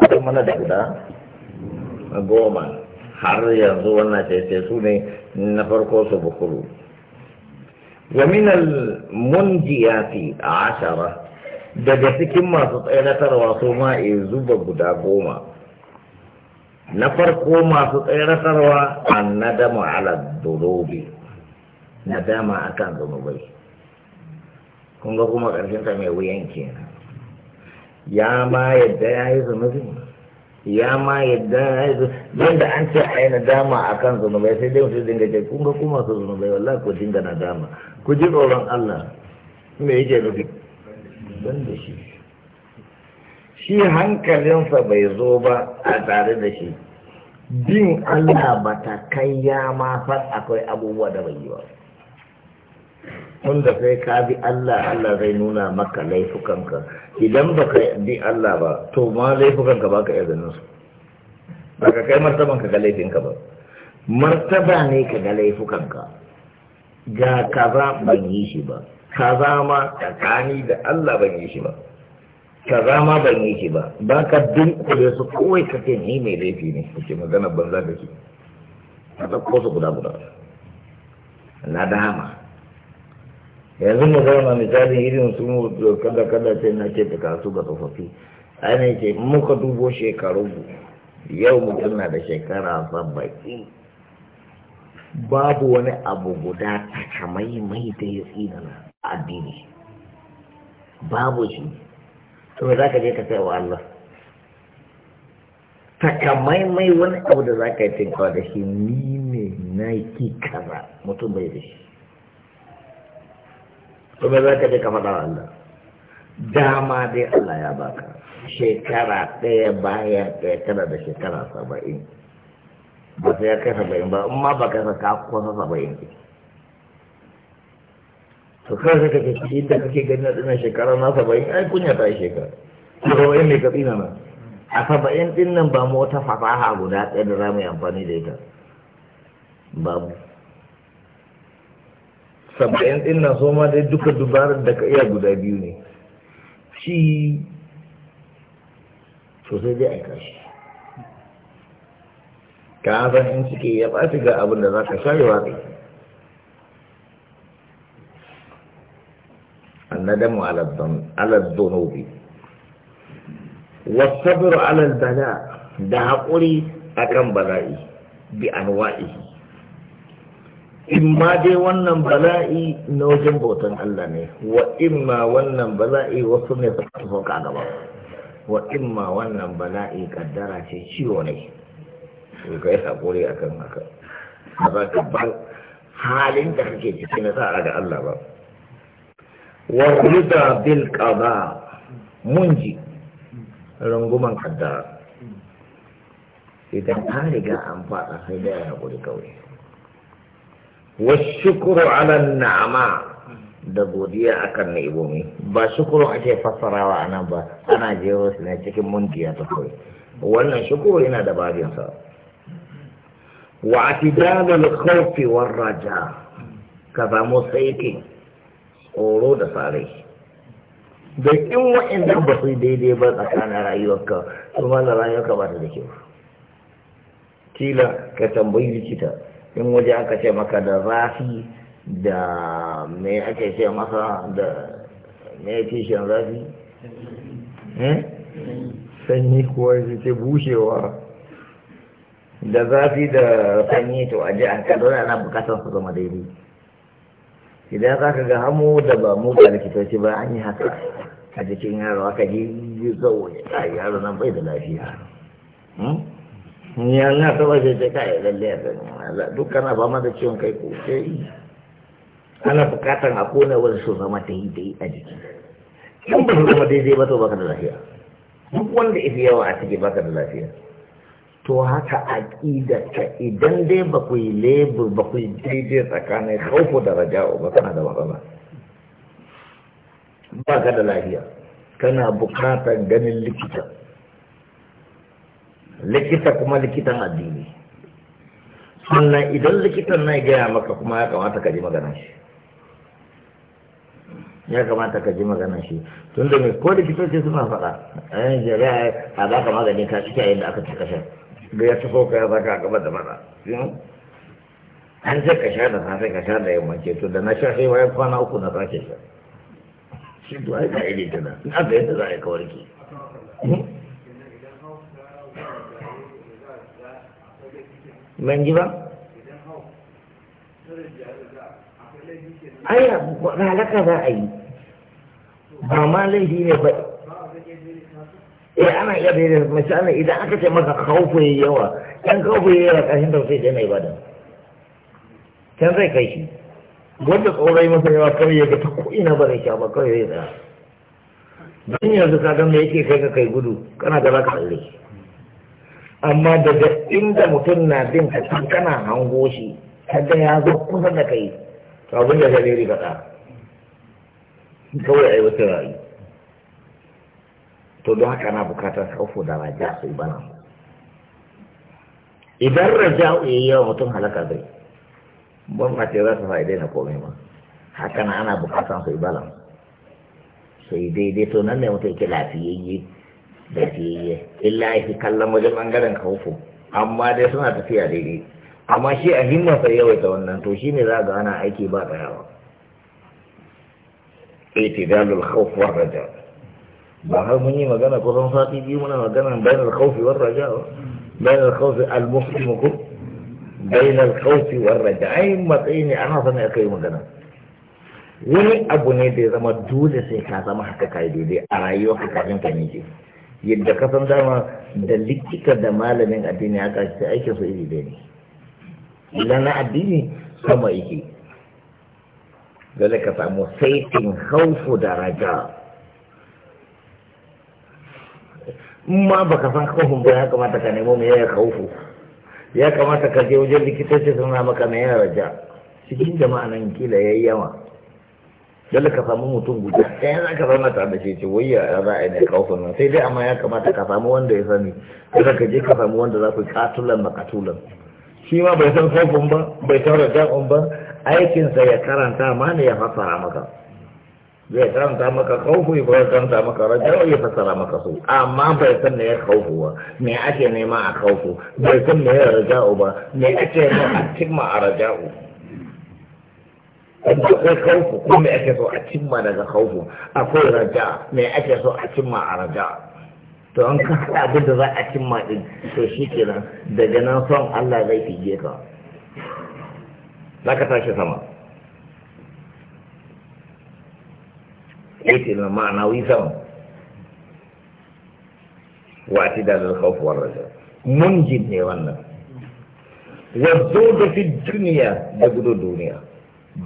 kudin mana da guda goma har yanzu wannan sai su ne na farko su bukuru ومن a ashara. daga cikin masu tsayaratarwa su ma e zuba guda goma na farko masu tsayaratarwa an nadama ala durobi nadama akan zunubai kun ga kuma ƙarshen ta mai wuyan kenan ya ma yadda ya yi zunubi ya ma yadda ya yi yadda an ce a yi nadama a kan zunubai sai dai mutum dinga jai kun ga kuma su zunubai wallah ku dinga nadama ku ji tsoron Allah me yake nufi ban da shi shi hankalinsa bai zo ba a tare da shi bin Allah ba ta kai ya ma san akwai abubuwa da bai yi wa. da kai ka bi Allah Allah zai nuna maka laifukanka idan ba ka bi Allah ba to ma laifukanka baka iya ganin su ka kai martaban ka ga laifinka ba martaba ne ka ga laifukanka ga kaza ban yi shi ba kaza ma tsakani da Allah ban yi shi ba kaza ma ban yi shi ba ba ka dunkule su kawai ka ce ni mai laifi ne kake magana banza da shi ka ɗauko su guda guda na dama yanzu mu zauna misali irin su mu kada kada sai na ce daga su ga tsofaffi ana ce muka dubo shekaru yau mutum na da shekara sabbaki babu wani abu guda ta mai da ya na addini babu shi to za ka je ka sai wa Allah takamai mai wani abu da za ka yi tinkawa da shi ni ne na ki kaza mutum bai da shi kuma za ka je ka faɗa wa Allah dama dai Allah ya baka shekara ɗaya bayan ɗaya kana da shekara saba'in ba sai ya kai saba'in ba in ma ba kai ka kusa saba'in ne to kai sai kake ci inda kake gani na ɗina shekara na saba'in ai kunya ta yi shekara saba'in ne ka tsina na a saba'in ɗin nan ba mu wata fasaha guda ɗaya da za mu yi amfani da ita babu saba'in din na so ma dai duka dubarar da ka iya guda biyu ne shi to sai dai aika shi ka san in cike ya ɓaci ga abin da za ka sharewa kai الندم على الظن على الذنوب والصبر bala da ده akan bala'i bi بأنوائه imma dai wannan bala'i na wajen bautan Allah ne wa imma wannan bala'i wasu ne su suka a gaba wa imma wannan bala'i kaddara ce ciwo ne sai kai hakuri akan haka a za ka bar halin da kake ciki na sa ga Allah ba wa rida bil qada munji ranguman kaddara idan ka riga an faɗa sai da ya hakuri kawai shukuru ala na'ama da godiya akan ni'imomi ba shukuru ake fassarawa a nan ba ana jero su ne cikin mundiya ta kawai wannan shukuru yana da babinsa wa atidalul khawfi war raja ka zamo saiki, tsoro da sare da kin wa'annan ba su daidai ba tsakanin rayuwarka kuma da rayuwarka ba ta da kyau kila ka tambayi likita in waje aka ce maka da zafi da me ake ce masa da me fi shan zafi eh? sanyi kuwa su ce bushewa da zafi da sanyi to ji an ana bukatar su zama daidai idan za ka ga hamu da ba mu da likitoci ba an yi haka a jikin yaro aka ji zo wani yaro nan bai da lafiya hmm? ni an na taba sai sai kai lalle a sanya dukkan a fama da ciwon kai ko sai ana bukatan a kone wani su zama ta yi da yi a jiki in ba su zama daidai ba to baka da lafiya duk wanda ifi yawa a ciki baka da lafiya to haka a aƙida ta idan dai ba ku yi lebur ba ku yi daidai tsakanin kauku da raja'u ba kana da matsala ba ka da lafiya kana bukatar ganin likita likita kuma likitan addini sannan idan likitan na gaya maka kuma ya kamata ka ji magana shi ya kamata ka ji magana shi tun da mai ko ce suna faɗa eh, a yan jari'a a ka magani ka cika yadda aka ci kashe da ya tafi ka ya ka gaba da mana hmm? an sai ka sha da safe ka sha da yamma ce to da na sha sai wayan kwana uku na sake sha shi to ai ka iri na na da yadda za a yi kawarki hmm? ban ji ba ai halaka za a yi ba ma laifi ne ba eh ana iya daidai misali idan aka ce maka kaufu ya yawa ɗan kaufu ya yawa ƙarshen tausayi sai na ibada can zai kai shi wanda tsorai masa yawa kawai ya ga ta ko'ina ba zai sha ba kawai ya yi tsaya don yanzu ka ga me yake kai ka kai gudu kana da za ka tsalle amma daga inda mutum na bin ka kana hango shi kaga ya zo kusa da kai to abin da zai faɗa kawai a yi wata rayu to don haka ana bukatar kaufo da raja su bana idan raja ya yi yawa mutum halaka zai ban ma ce za su fa'idai na komai ma haka na ana bukatar su balan sai daidai to nan ne mutum ke lafiyayye da fiye illa yake kallon wajen bangaren kawfo amma dai suna tafiya daidai amma shi a himma sai yawaita wannan to shi ne za ga ana aiki ba yawa? itidalul khawf war raja ba har mun yi magana kusan sati biyu muna magana bainal khawf war raja bainal khawf al muslim ko bainal khawf war raja ai matsayi ne ana sanin akai magana wani abu ne da ya zama dole sai ka zama haka kai daidai a rayuwa ka kafin ka ne yadda ka san dama da likita da malamin addini aka ce aikin su iri ɗaya ne idan na addini sama yake dole ka samu saitin haufu da raja in ma ka san haufun ba ya kamata ka nemo me yaya haufu ya kamata ka je wajen likitoci suna maka mai yaya raja cikin jama'a nan kila yi yawa dole ka samu mutum guda ɗaya za ka zauna tare da shi ce wai ya za a yi ne kawo nan sai dai amma ya kamata ka samu wanda ya sani kada ka je ka samu wanda za ku katulan makatulan shi ma bai san kofin ba bai san un ba aikinsa ya karanta ma ne ya fassara maka zai karanta maka kawfu ya karanta maka rajaun ya fassara maka su amma bai san ne ya kawfu ba me ake nema a kawfu bai san ne ya raja'u ba me ake nema a cimma a raja'u akwai kawo ko mai ake so a cimma daga kawo akwai raja mai ake so a cimma a raja to an ka haɗa abin da za a cimma ɗin to shi kenan daga nan son Allah zai je ka na ka tashi sama yake nan ma'ana wi sama wa ati da zai kawo war raja mun ne wannan wa da fi duniya da gudu duniya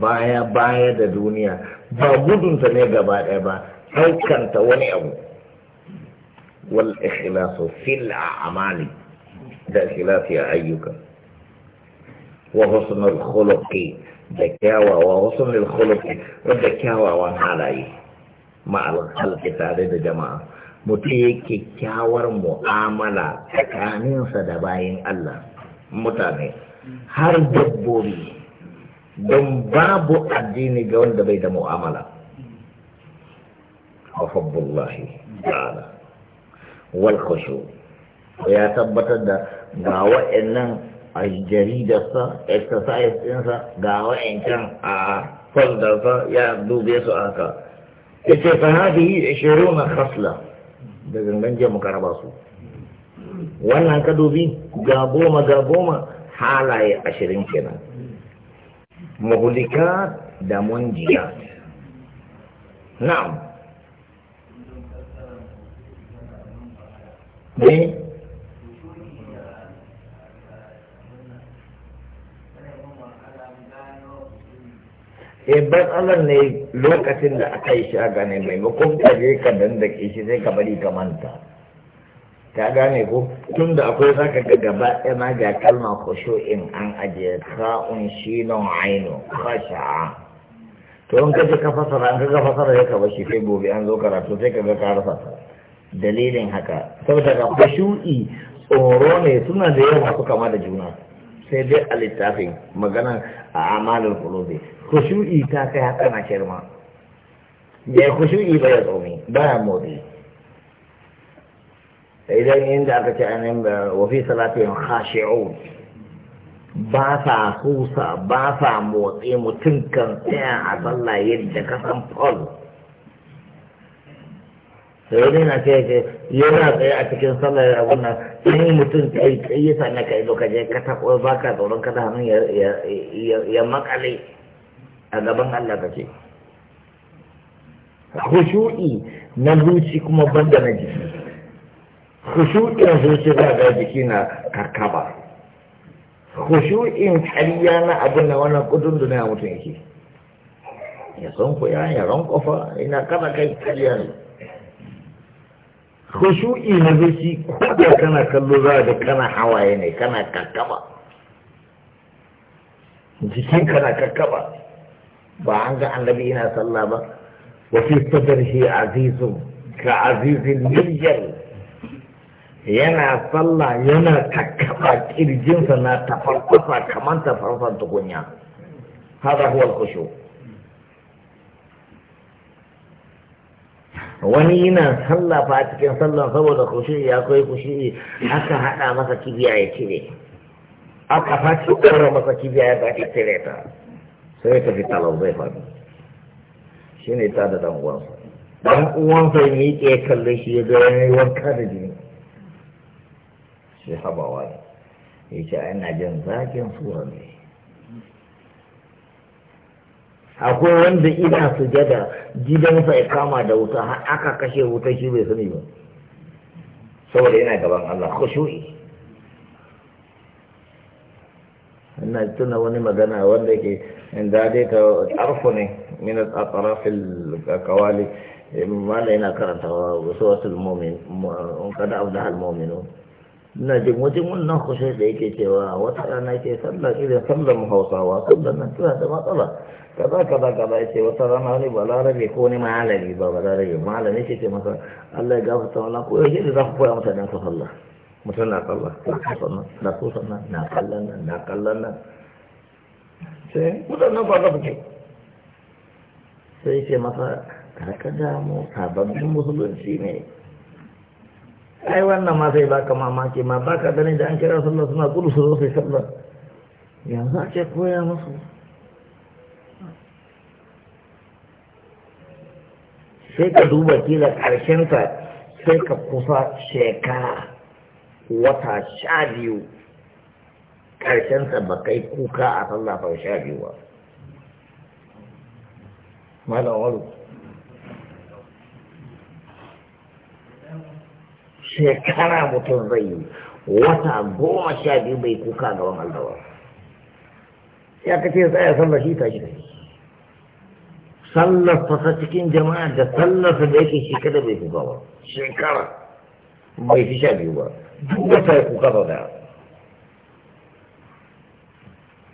baya baya da duniya ba gudunta ne gaba ɗaya ba ɗaukanta wani abu wal ikhlasu fil a'mali da ikhlasi a ayyuka wa husnul khuluqi da kyawawa husnul khuluqi da kyawawan halaye al khalqi tare da jama'a mutum ya kyakkyawar mu'amala tsakaninsa da bayan Allah mutane har dabbobi don babu addini ga wanda bai da mu'amala wa hubbullahi ta'ala wal khushu ya tabbatar da ga wa'annan a sa, exercise ɗinsa ga wa'ancan a sa ya dube su haka ya ce fa hadihi ishiruna khasla da gangan je muka raba su wannan ka dubi ga goma ga goma halaye ashirin kenan muhlikat da munjiyat na'am ne Ibban Allah ne lokacin da aka yi shi a gane maimakon kaje ka dandake shi sai ka bari ka manta. ta gane ko tun da akwai zaka ga gaba ɗaya ga kalma kusho in an ajiye sa'un shi na aino kasha to in ka ka fasara in ka fasara ya kaba shi sai gobe an zo karatu sai ka ga ka rasa dalilin haka saboda ga kushu'i tsoro ne suna da yawa masu kama da juna sai dai a littafin maganan a amalin kulobe kushu'i ta kai haka na shirma ya kushu'i ba ya tsomi ba ya motsi idan inda aka ce ainihin eh, wafi salatin khashi'u ba sa husa ba sa motsi mutum kan tsaya a sallah yadda ka san paul sai dai na ce ce yana tsaye a cikin sallah ya abu nan sai mutum kai kai yasa na kai doka je ka tabo baka tsoron ka da hannun ya makale a gaban Allah ka ce khushu'i na zuci kuma banda na jiki khushu'in zuciya ga jiki na karkaba khushu'in ƙarya na abin da wannan kudin da na ya san ku ya ya ran kofa ina kana kai ƙarya ne khushu'i na zuci ko da kana kallo za ga kana hawaye ne kana karkaba jikin kana karkaba ba an ga annabi ina sallah ba wa fi sadrihi azizun ka azizil miryal yana sallah yana takaba kirjinsa na tafarfasa kamar tafarfan tukunya hada huwa kusho wani yana tsalla fa cikin sallan saboda kushi ya kai kushi aka hada masa kibiya ya cire aka faci kara masa kibiya ya faci cire ta sai ta fita lau zai faɗi shi ne ta da dan uwansa dan uwansa ne ke kalle shi ya ga yayi wanka da jini sai ne ya ce ana jin zagen sura ne akwai wanda ina sujada gidansa ya kama da wuta har aka kashe wuta shi bai sani ba saboda yana gaban Allah ko shu'i. ina tuna wani magana wanda ke da dai ta arfu ne min al-atrafil kawali eh, mala yana wa wasu wasu mu'min kada abda al-mu'minun na jin wajen wannan kushe da yake cewa wata rana ke sallar irin sallar hausawa sallar nan tana da matsala kaza kaza ka za ce wata rana wani larabe ko wani malami ba larabe malami ke ce masa Allah ya gafarta wala ko yaushe da za ku koya masa dan ka sallah mutum na sallah na sallah na ko na kallon nan na kallon nan sai mutanen ba za ku ce sai ce masa kada ka sababbin musulunci ne ai wannan ma sai baka mamaki ma baka ganin da an kira sallah suna gudu su zo sai sallah yanzu a ce koya musu sai ka duba kila ta sai ka kusa shekara wata sha biyu ta ba kai kuka a sallah sha biyu ba malam shekara mutum zai yi wata goma sha biyu bai kuka gaban aldawa ya kace tsaya sallar shi shi ne sallar fasa cikin jama'a da sallar da yake shekara bai kuka ba shekara bai fi sha biyu ba duk wata ya kuka ba da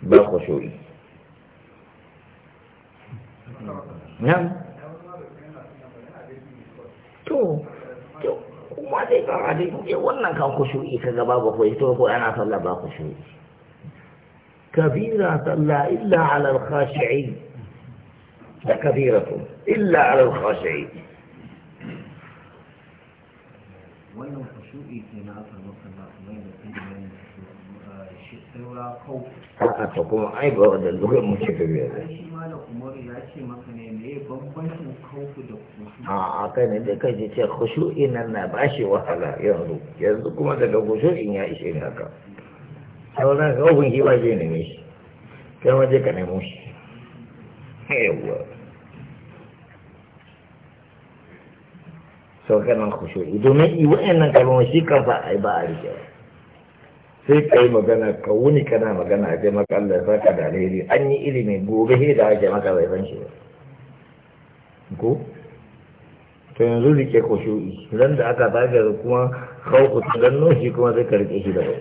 ba ku shoyi Ya. to ba dai ba a dai kuke wannan kan kushu'i ka gaba ba ku to ko ana sallah ba kushu'i kabira sallah illa ala al-khashi'i da kabiratu illa ala al-khashi'i wannan kushu'i ke na aka maka ba haka kuma ai ba da lugar muke tafiya da shi a kai ne da kai ce khushu'i nan na bashi wahala yanzu yanzu kuma daga khushu'in ya ishe ni haka ga kawun shi ba zai neme shi kai waje ka nemo shi yawwa sau kanan khushu'i domin iwa'in nan kalmar shi kan fa ai ba a rike ba sai ka yi magana ka wuni kana magana a jama'a? maka Allah za ka da alheri an yi ilimi gobe he da ake maka bai san shi ba ko to yanzu rike ko shu'i idan da aka zaga kuma khawfu ta ganno shi kuma sai ka rike shi da bai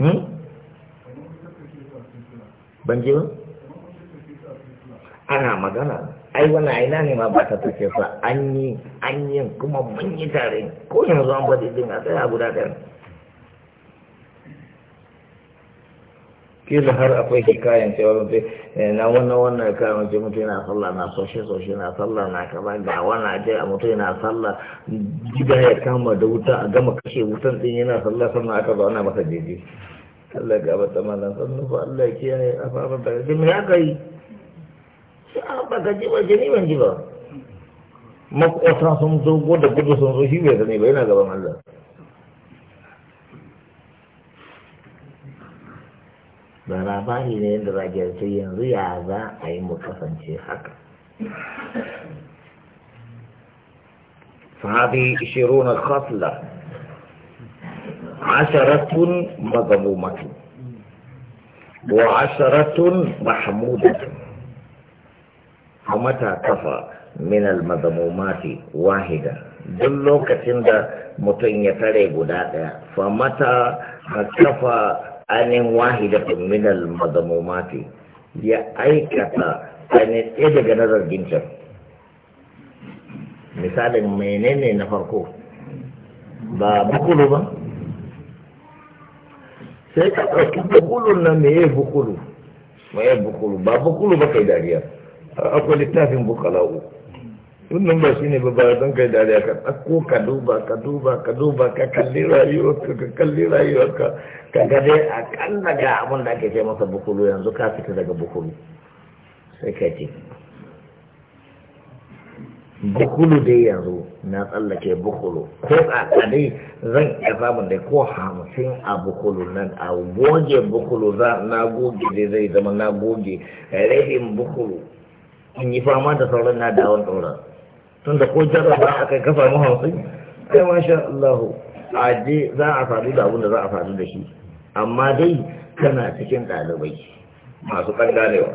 hmm? ban ji ba ana magana ai wani aina ne ma ba ta tafiya an yi an yi kuma mun yi tare ko yanzu an faɗi din a tsaya guda ɗaya kila har akwai kayan cewa mafi eh, na wannan wannan kayan mace mutu yana sallah na soshe soshe na sallah na kama ga wani ajiye a mutu yana sallah gida ya kama da wuta a gama kashe wutan din yana sallah sannan aka zauna masa jeji Allah ga bata nan sannan ba Allah ya kiyaye a fara da jimi ya kai sai a ka ji ba jini ban ji ba makwatan sun zo da gudu sun zo shi bai sani ba yana gaban Allah da labari ne yadda za a yanzu ya za a yi mu kasance haka فهذه عشرون خصلة عشرة مظلومة وعشرة محمودة ومتى كفى min al-madamumati wahida duk lokacin da mutum ya tare guda daya fa mata hakafa anin wahida min al-madamumati ya aikata anin ɗaya daga nazar gincin misalin menene na farko ba bukulu ba sai ka ɗauki bukulun na me ya bukulu me bukulu ba bukulu ba kai dariya akwai littafin bukala'u wannan ba shi ne ba don kai dariya ka ɗauko ka duba ka duba ka duba ka kalli rayuwarka ka kalli rayuwarka ka ga dai kalla ga abin da ake kai masa bukulu yanzu ka fita daga bukulu sai ka ce bukulu dai yanzu na tsallake bukulu ko a dai zan iya samun dai ko hamsin a bukulu nan a goge bukulu za na goge dai zai zama na goge rabin bukulu in yi fama da sauran na dawon tsoron tun da ko jarraba kai kafa mu hamsin ai masha Allah a je za a faru da abin da za a faru da shi amma dai kana cikin ɗalibai masu ɓangarewa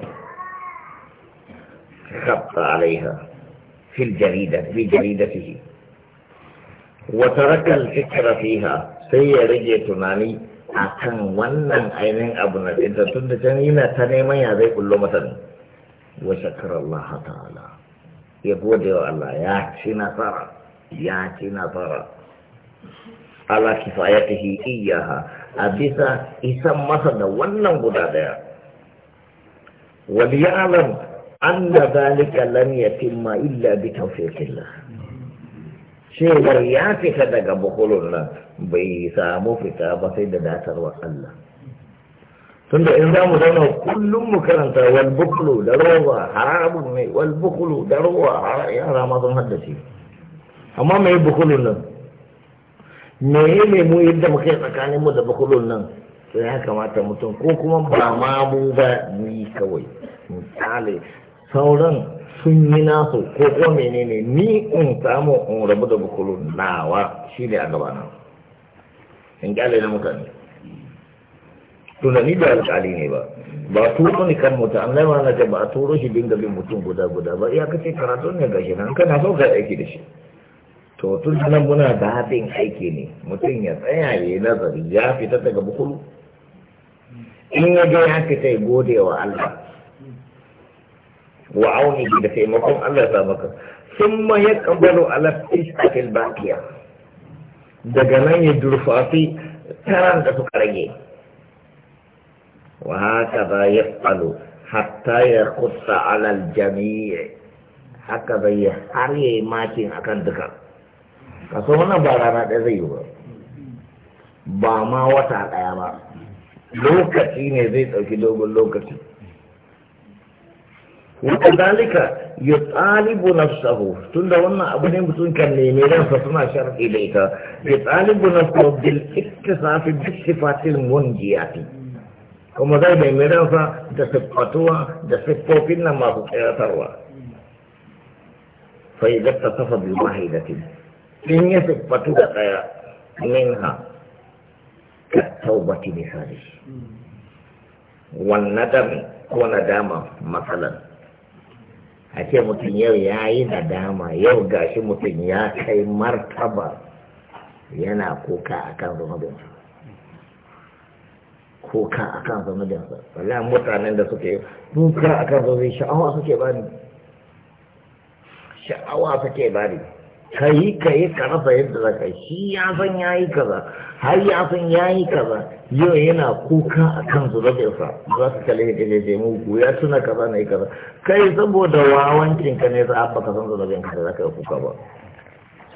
khatta alaiha fil jarida fi jarida fihi Wata taraka al fiha sai ya rage tunani akan wannan ainihin abu na tunda can yana ta neman ya zai kullo mata ne wa shakara Allah ta'ala ya gode wa Allah ya ci nasara ya ci nasara ala kifayatihi iyaha a bisa isan masa da wannan guda daya wal ya'lam anna zalika lam yatimma illa bi tawfiqillah cewar ya fita daga bukulun bai samu fita ba sai da datarwar Allah tunda in za mu zauna kullum mu karanta wal bukulu da roba haramun ne wal bukulu da roba yara ma sun haddace amma me bukulun nan me ne mu yadda muke tsakanin mu da bukulun nan to ya kamata mutum ko kuma ba ma mu ba mu yi kawai misali sauran sun yi nasu ko kuma menene ni in samu in rabu da bukulun nawa shine a gabana in kyale na mutane tunani ni ba alƙali ne ba ba turo ni kan mutum an laima na ba a turo shi dinga bin mutum guda guda ba iya kace karatun ne ga shi nan kana so ka aiki da shi to tun nan muna da haɗin aiki ne mutum ya tsaya ya yi nazari ya fita daga bukulu in ya ga ya fita ya gode wa Allah wa auni bi da taimakon Allah ta maka sun ma ya kabalo ala fiskatil bakiya daga nan ya durfafi taran da suka rage وهكذا يفعل حتى يخص على الجميع هكذا يحري ما كان أكن ذكر كسونا بارانا تزيو باما وتا ما لوكتي نزيد أو كدوب لوكتي وكذلك يطالب نفسه تند وانا ابن مسلم كان نيميرا فسنا شرط اليك يطالب نفسه بالاكتساب بالصفات المنجيات kuma zai mai miransa da siffatuwa da siffofin nan masu tsayatarwa fa yi zata safa bi mahidatin in ya siffatu da tsaya ha. ka taubati misali wannan dami ko dama matsalar a ce mutum yau ya yi na dama, yau gashi mutum ya kai martaba yana kuka akan zunubinsa kuka a kan zamaninsa wallahi mutanen da suke kuka a kan zamanin sha'awa suke bani sha'awa suke bani ka kayi ka rasa yadda za ka shi ya san ya yi kaza har ya san ya yi kaza yau yana kuka a kan zubabinsa za su kalle ka je ku, ya tuna kaza na yi kaza kai saboda wawancin ka ne za a baka san zubabin ka za ka yi kuka ba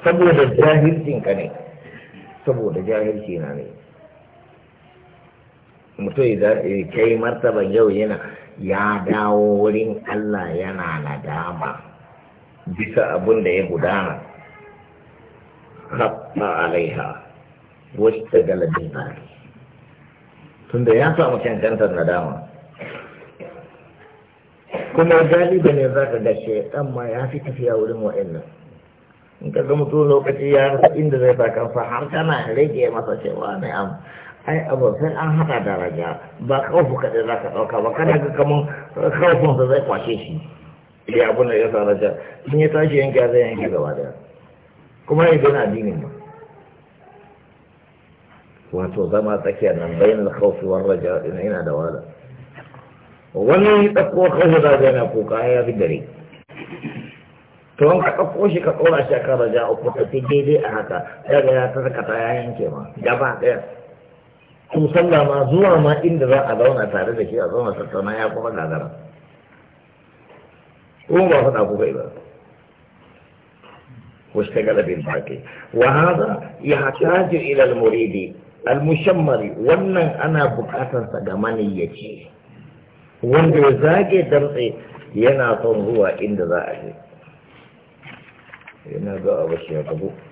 saboda jahilcin ka ne saboda jahilci na ne mutum da kai martaban yau yana ya dawo wurin Allah yana nadama bisa abin da ya gudana haɓɓa alaiha wacce galabin tun tunda ya samu cancantar nadama kuma galiba ne za ka ga shaidan ma ya fi tafiya wurin wa'annan in ka ga mutum lokaci ya rasa inda zai sa kansa har kana rage masa cewa ne ai abu sai an hada daraja ba kawfu kaɗai za ka ɗauka ba kana ga kamar kawfunsa zai kwashe shi ya abin da ya sa raja in ya tashi yanke zai yanke gaba da kuma ya gina addinin ba wato zama tsakiyar nan bayan alkhawfi war raja ina ina da wala wani ɗauko kawai da zai na kuka ya fi dare to an ka ɗauko shi ka ɗora shi a kan raja uku ta fi daidai a haka ya ya ta saka ta ya yanke ma gaba ɗaya to sallah ma zuwa ma inda za a zauna tare da shi a zauna tattauna ya kuma gagara ko ba faɗa ku kai ba واشتغل بالباقي وهذا يحتاج إلى المريد المشمر وانا أنا بكاتا سجماني يجي وانا زاجي درسي ينا هو إن ذا أجي ينا ذا أبو